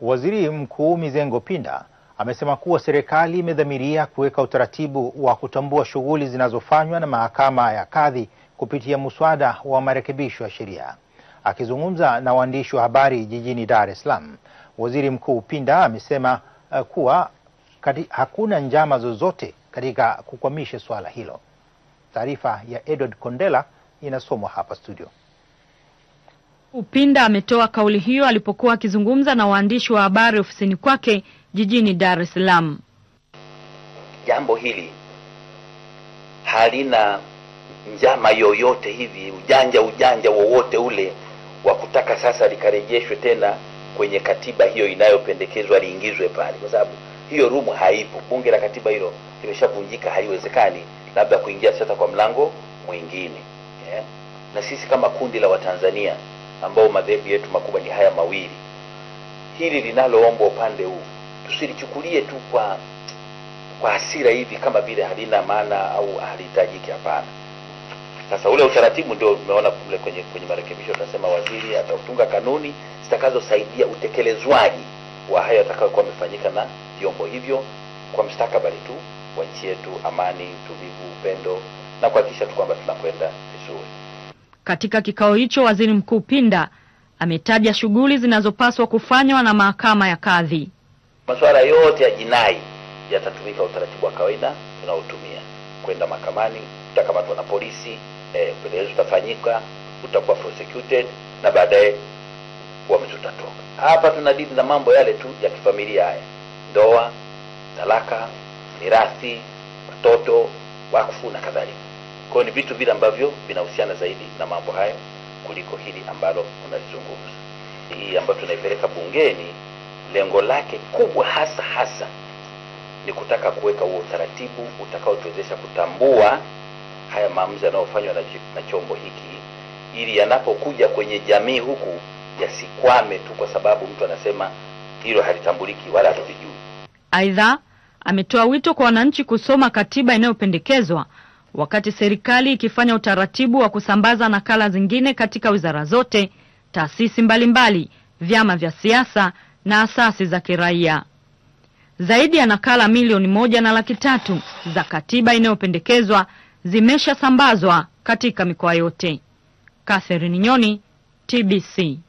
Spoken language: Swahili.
Waziri Mkuu Mizengo Pinda amesema kuwa serikali imedhamiria kuweka utaratibu wa kutambua shughuli zinazofanywa na mahakama ya kadhi kupitia muswada wa marekebisho ya sheria. Akizungumza na waandishi wa habari jijini Dar es Salaam, Waziri Mkuu Pinda amesema eh, kuwa kati, hakuna njama zozote katika kukwamisha suala hilo. Taarifa ya Edward Kondela inasomwa hapa studio. Upinda ametoa kauli hiyo alipokuwa akizungumza na waandishi wa habari ofisini kwake jijini Dar es Salaam. Jambo hili halina njama yoyote hivi, ujanja ujanja wowote ule wa kutaka sasa likarejeshwe tena kwenye katiba hiyo inayopendekezwa liingizwe pale, kwa sababu hiyo rumu haipo. Bunge la katiba hilo limeshavunjika, haiwezekani, labda kuingia sasa kwa mlango mwingine yeah. Na sisi kama kundi la Watanzania ambao madhehebu yetu makubwa ni haya mawili. Hili linaloombwa upande huu tusilichukulie tu kwa kwa hasira hivi kama vile halina maana au halihitajiki. Hapana. Sasa ule utaratibu ndio umeona kule kwenye, kwenye marekebisho utasema waziri atautunga kanuni zitakazosaidia utekelezwaji wa hayo atakayokuwa amefanyika na vyombo hivyo kwa mstakabali tu wa nchi yetu, amani, utulivu, upendo na kuhakikisha tu kwamba tunakwenda katika kikao hicho, waziri mkuu Pinda ametaja shughuli zinazopaswa kufanywa na mahakama ya kadhi. Masuala yote ya jinai yatatumika utaratibu wa kawaida tunaotumia kwenda mahakamani, utakamatwa na polisi eh, upelelezi utafanyika, utakuwa prosecuted na baadaye uamuzi utatoka. Hapa tunadili na mambo yale tu ya kifamilia, haya ndoa, talaka, mirathi, watoto, wakfu na kadhalika kwao ni vitu vile ambavyo vinahusiana zaidi na mambo hayo kuliko hili ambalo unalizungumza. Hii ambayo tunaipeleka bungeni, lengo lake kubwa hasa hasa ni kutaka kuweka huo utaratibu utakaotuwezesha kutambua haya maamuzi yanayofanywa na chombo hiki, ili yanapokuja kwenye jamii huku yasikwame tu kwa sababu mtu anasema hilo halitambuliki wala hatuvijui Aidha, ametoa wito kwa wananchi kusoma katiba inayopendekezwa wakati serikali ikifanya utaratibu wa kusambaza nakala zingine katika wizara zote, taasisi mbalimbali, vyama vya siasa na asasi za kiraia. Zaidi ya nakala milioni moja na laki tatu za katiba inayopendekezwa zimeshasambazwa katika mikoa yote. Catherine Nyoni, TBC.